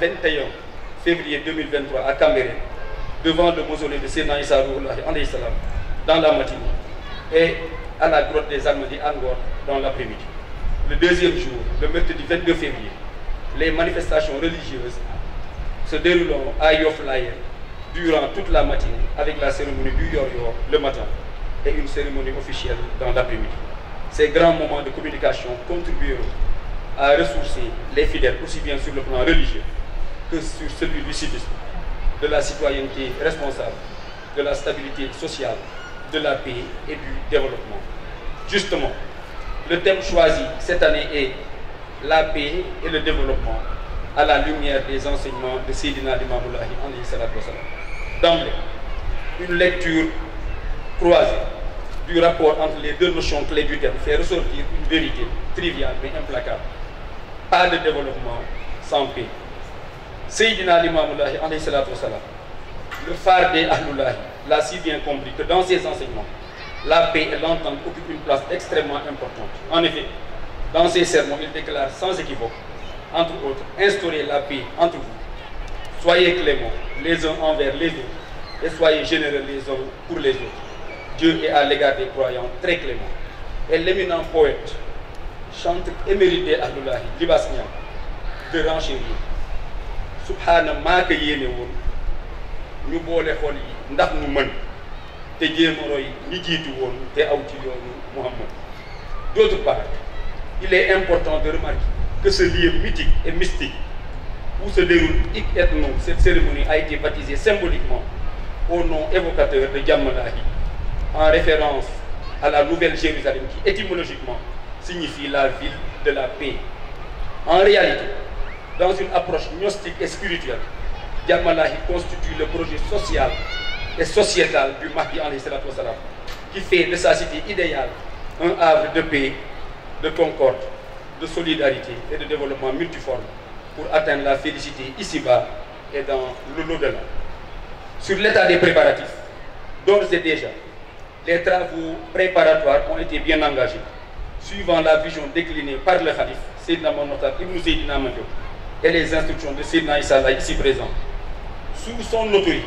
21 février 2023 à Cambérène, devant le mausolée de Sénat Issa dans la matinée, et la grotte des Almadies Angor dans l'après-midi. Le deuxième jour, le mercredi 22 février, les manifestations religieuses à Yoflayen durant toute la la matin et une cérémonie officielle dans l'après-midi. Ces grands de communication contribueront à ressourcer les fidèles aussi bien le plan que sur celui du civisme, de la citoyenneté responsable, de la stabilité sociale, de la paix et du développement. Justement, le thème choisi cette année est la paix et le développement à la lumière des enseignements de Sidina Limamoulahi D'emblée, une lecture croisée du rapport entre les deux notions clés du thème fait ressortir une vérité triviale mais implacable. Pas de développement sans paix. Seydina Limamoulahi alayhi salatu wassalam, le phare des Ahlullahi, l'a si bien compris que dans ses enseignements, la paix et l'entente occupent une place extrêmement importante. En effet, dans ses sermons, il déclare sans équivoque, entre autres, instaurer la paix entre vous. Soyez cléments les uns envers les autres et soyez généreux les uns pour les autres. Dieu est à l'égard des croyants très clément. Et l'éminent poète, chante émérité Abdullahi Libas Niang, subhaana maa ko yéene woon ñu boole xol yi ndax ñu mën te jéem a ñi jiitu woon te aw ci yoonu Muhammad d'autre part il est important de remarquer que ce lieu mythique et mystique où se déroule hic et non cette cérémonie a été baptisée symboliquement au nom évocateur de Djamalahi en référence à la Nouvelle Jérusalem qui étymologiquement signifie la ville de la paix en réalité dans une approche gnostique et spirituelle, Diamalahi constitue le projet social et sociétal du Mahdi qui fait de sa cité idéale un havre de paix, de concorde, de solidarité et de développement multiforme pour atteindre la félicité ici-bas et dans l'au-delà. Sur l'état des préparatifs, d'ores et déjà, les travaux préparatoires ont été bien engagés, suivant la vision déclinée par le Khalif, Seydina Monotar Ibn Seydina Mandiou, et les instructions de Sidna Issa ici présent, sous son autorité,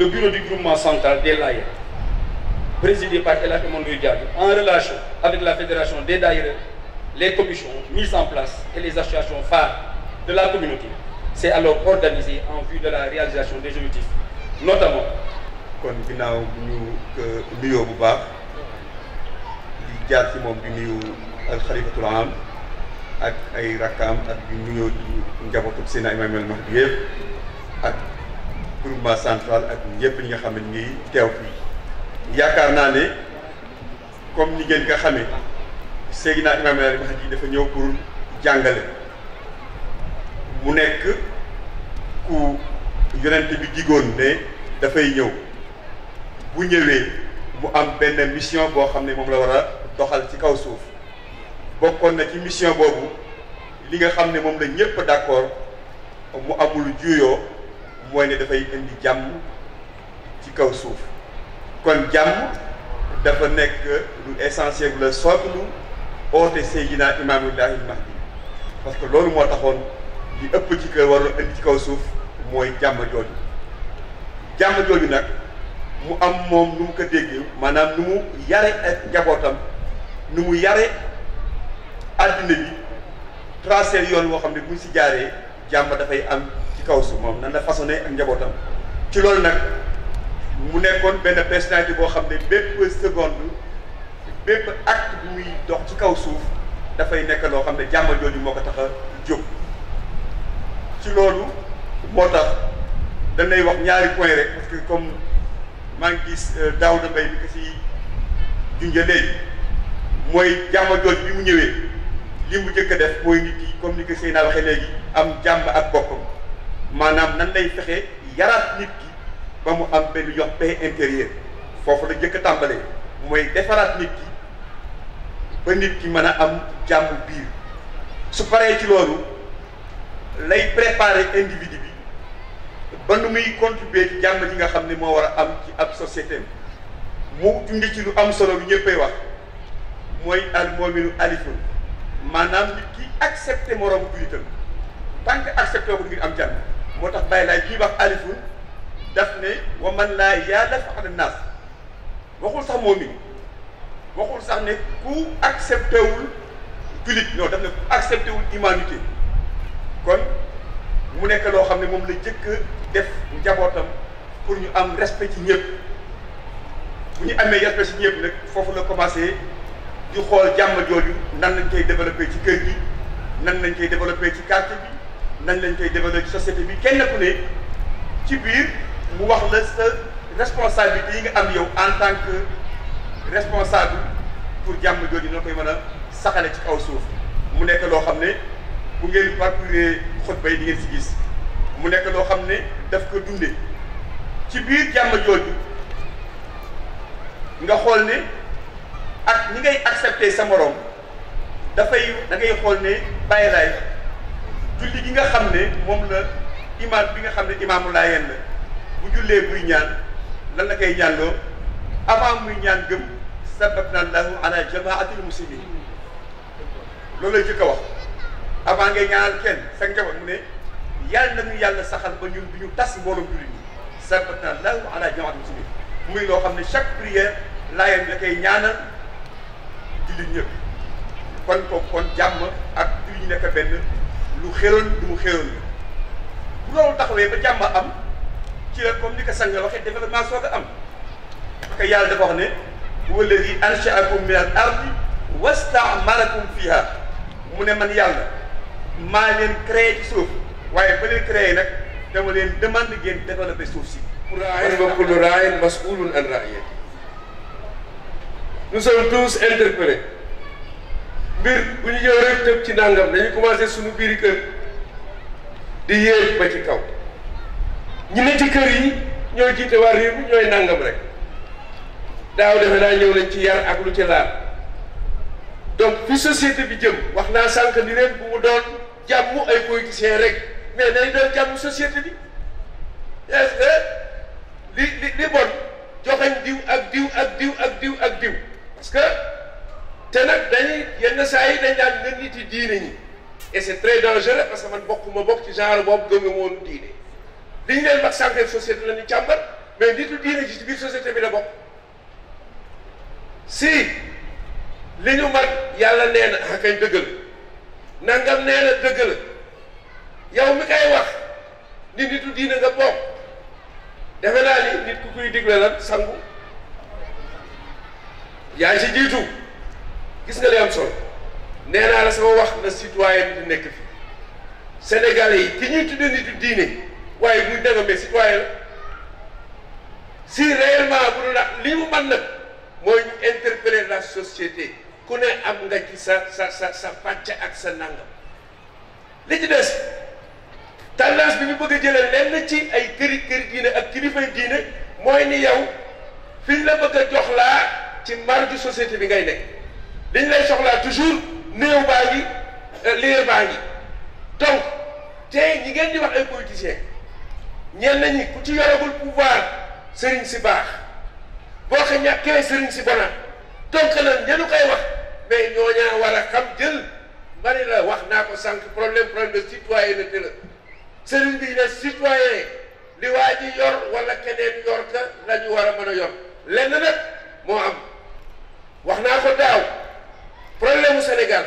le bureau du groupement central des Layers, présidé par El Mondo Diagne, en relation avec la Fédération des Daïres, les commissions mises en place et les associations phares de la communauté, s'est alors organisé en vue de la réalisation des objectifs, notamment. kon ginnaaw bu ñu euh, nuyoo bu baax di jaar moom al xalifatul ak ay rakkaam ak ñu ñëw njabootu Seydina Imaam El Mahdi ak groupement central ak ñëpp ñi nga xam ne ñu ngi teew fii yaakaar naa ne comme ni ngeen nga xamee Seydina Imaam El Mahdi dafa ñëw pour jàngale mu nekk ku yonent bi digoon ne dafay ñëw bu ñëwee mu am benn mission boo xam ne moom la war a doxal ci kaw suuf bokkoon na ci mission boobu li nga xam ne moom la ñëpp d'accord mu amul juyoo mooy ne dafay indi jàmm ci kaw suuf kon jàmm dafa nekk lu essentiel la sooglu oote Seydina Imaamullahi Mahdi parce que loolu moo taxoon li ëpp ci kër waroon indi ci kaw suuf mooy jàmm jooju jàmm jooju nag mu am moom nu mu ko déggee maanaam nu mu yare ak njabootam nu mu yare àddina bi tracé yoon woo xam ne buñ si jaaree jàmm dafay am ci kaw su moom nan la façonné ak njabootam ci loolu nag mu nekkoon benn personnalité boo xam ne bépp seconde bépp acte bu muy dox ci kaw suuf dafay nekk loo xam ne jàmm jooju moo ko tax a loolu moo tax danay wax ñaari point comme maa ngi gis euh, daaw na mbay bi si léegi mooy jàmm jooju bi mu ñëwee li mu njëkk a def mooy nit ki comme ni ko Seyna waxee léegi am jàmm ak boppam maanaam nan lay fexe yaraat nit ki ba mu am benn yox paix intérieur foofu la njëkk a tàmbalee mooy defaraat nit ba nit ki mën a am jàmm biir su paree ci loolu lay préparer individu bi ba nu muy contribuer ci jàmm ji nga xam ne moo war a am ci ab société mu jungi ci lu am solo lu ñëppay wax mooy al moominu maanaam nit ki accepté moroomu jullitam tant que accepté ko ngir am jàmm moo tax bàyyi laay jii wax alifun daf ne wa man laa yàlla faxada naas waxul sax moom mi waxul sax ne ku accepté wul jullit non daf ne ku accepté wul humanité kon mu nekk loo xam ne moom la jëkk def njabootam pour ñu am respect ci ñëpp bu ñu am amee respect ci ñëpp nag foofu la commencé di xool jàmm jooju nan lañ koy développé ci kër gi nan lañ koy développé ci quartier bi nan lañ koy développé ci société bi kenn ku ne ci biir mu wax la sa responsabilité yi nga am yow en tant que responsable pour jàmm jooju na koy mën a saxale ci kaw suuf mu nekk loo xam ne bu ngeen parcourir xutba yi di ngeen si gis mu nekk loo xam ne daf ko dunde ci biir jàmm jooju nga xool ne ak ñi ngay accepté sa morom dafay da xool ne bàyyi laay julli gi nga xam ne moom la imaam bi nga xam ne imaamu laayeen la bu jullee buy ñaan lan la koy ñaanloo avant muy ñaan gëm sabab na allahu ala jamaatil muslimin loolu la jëkk a wax avant ngay ñaanal kenn sa njaboot ne yàlla nañu yàlla saxal ba ñun du ñu tas mbooloo jullit ñi sabab na allahu ala jamaatil muslimin muy loo xam ne chaque prière laayeen la koy ñaanal jullit ñëpp kon ko kon jàmm ak jullit ñu nekk benn lu xéroon du mu xéroon la bu loolu taxawee ba jàmm am ci la comme ni ko sang waxee développement soog a am parce que yàlla dafa wax ne walladi anshaakum min al ardi wastaamarakum fiha mu ne man yàlla maa leen créé ci waaye ba leen yi nag dama leen demande ngeen développé suuf si. raayin mas'ulun an raiyati nous sommes tous interpellés mbir bu ñu ñëw rek tëb ci nangam dañuy commencé suñu biir kër di yéeg ba ci kaw ñu ne ci kër yi ñooy jiite waa réew mi ñooy nangam rek daaw defe naa ñëw nañ ci yar ak lu ci laal donc fi société bi jëm wax naa sànq ni leen bu mu doon jàmm ay politiciens rek mais nañ doon jàmm société bi est-ce que li li li bon joxañ ak diw ak diw ak diw ak diw parce que te nag dañuy yenn saa yi dañ daan ngën nit yi diine ñi et c'est très dangereux parce que man ma bokk ci genre boobu gëmme woonu diine li ñu leen wax santé société la ñu càmbar mais nitu diine ci biir société bi na bokk si li ñu mag yàlla nee na akañ ah dëgg la nangam nee na dëgg la yow mi kay wax ni nitu diine nga bokk defe naa ni nit ku kuy digle lan sangu yaa ngi si jiitu gis nga li am solo nee naa la sama wax na citoyen di nekk fi Sénégalais yi ki ñuy tuddee nitu diine waaye muy danga mais la si réellement bu li mu mën nag mooy ñu interpeller la société ku ne am nga ci sa sa sa sa pàcc ak sa nangam li ci des tendance bi ñu bëgg a jëlee lenn ci ay këri këri diine ak kilifay diine mooy ni yow fi la bëgg jox laa ci marge société bi ngay nekk liñ lay soxlaa toujours néew baa ngi euh, liir baa ngi donc tey ñi ngeen di wax ay politiciens ñenn ñi ku ci yoragul pouvoir sëriñ si baax boo ko ñàkkee sëriñ si bona koy wax mais ñooñaa war a xam jël ma la wax naa ko sànq problème problème de citoyenneté la sëriñ bi ne citoyen li waa ji yor wala keneen yor ka la ñu war a mën a yor lenn nag moo am wax naa ko daaw problème mu Sénégal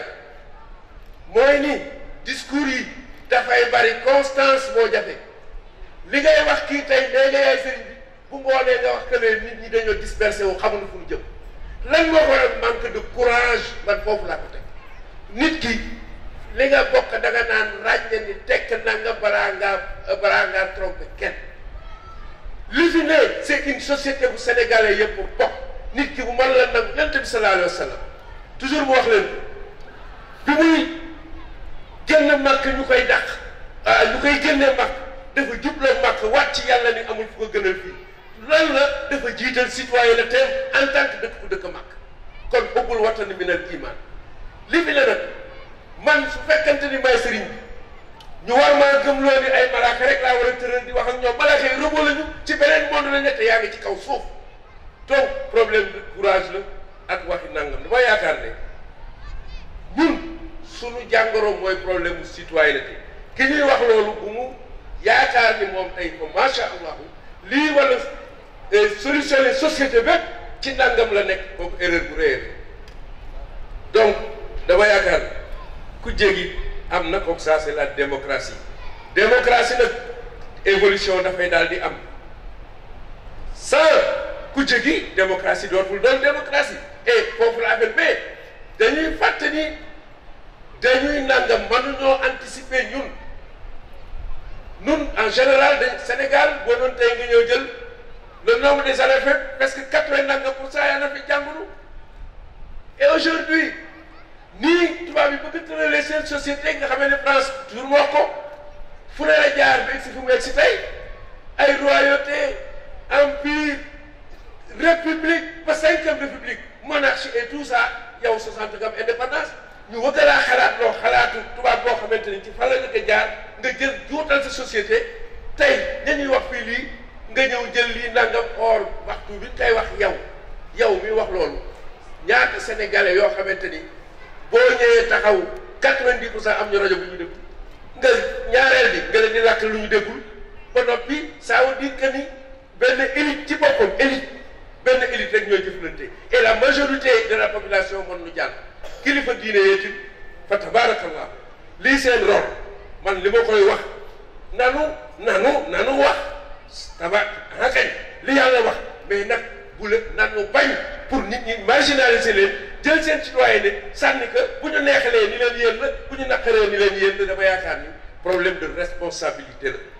mooy ni discours yi dafay bari constance moo jafe li ngay wax kii tey nee nga yaay sëriñ bi bu ngoonee nga wax que nit ñi dañoo dispersé wu xamuñu fu jëm lan moo ko manque de courage man foofu laa ko teg nit ki li nga bokk da nga naan ràññe ni tekk na nga balaa ngaa balaa kenn li fi ne c'est une société bu sénégalais yëpp bokk. nit ki bu man la nag yonent bi sallallahu alayhi wa sallam toujours mu wax leen bi muy génn màkk ñu koy dàq ah koy génnee màkk dafa jubla màkk wàcc yàlla ni amul fu ko gënal fii loolu la dafa jiital citoyen la teem en tant que dëkk ku dëkk màkk kon bëggul wattan mi nag iman li fi la man su fekkante ni may sëriñ bi ñu war maa gëm loo ni ay malaaka rek laa war a di wax ak ñoo malaaka yi roboo lañu ci beneen monde la nekk yaa ngi ci kaw suuf toog problème de courage la ak waxi nangam dama yaakaar ne ñun suñu jàngoro mooy problème mu citoyenneté ki ñuy wax loolu bu mu yaakaar ni moom tey ko macha allah lii wala eh, solutionné société bépp ci nangam la nekk kooku erreur bu réer donc dama yaakaar ku jégi am na comme ça c'est la démocratie démocratie nag évolution dafay daal di am sans kujje gi démocratie dootul doon démocratie et foofu la affaire mais dañuy fàtte ni dañuy nangam mënuñoo anticiper ñun ñun en général de Sénégal boo doon tey nga ñëw jël le nombre des analphabètes presque quatre-vingt nangam pour cent yaa na fi jàngulu et aujourd'hui nii tubaab yi bëgg tëralee seen société nga xamee ne France toujours ko fu ne la jaar ba egsi fi mu egsi tey ay royauté empire république ba cinquième république monarchie et tout ça yow soixante nga am indépendance ñu wëgg laa xalaat loo xalaatu tubaab boo xamante ni ci fan la nga jaar nga jël juutal sa société tey dañuy wax fii lii nga ñëw jël lii nangam or waxtu bi tey wax yow yow mi wax loolu ñaata sénégalais yoo xamante ni boo ñëwee taxaw quatre-vingt-dix pour cent am ñu rajo bi ñu déglu nga ñaareel bi nga leen làkk lu ñu déggul ba noppi ça veut dire que ni benn élite ci boppam élite. benn élite rek ñooy jëflante et la majorité de la population mën nu jàll kilifa diine yee tim fa tabaarakallah lii seen rôle man li ma koy wax nanu nanu nanu wax taba xakañ ah li yàlla wax mais nag bu la nanu bañ pour nit ñi marginaliser leen jël seen citoyenneté sànni que bu ñu neexalee ni leen yéen la bu ñu naqaree ni leen yéen la dama yaakaar ni problème de responsabilité la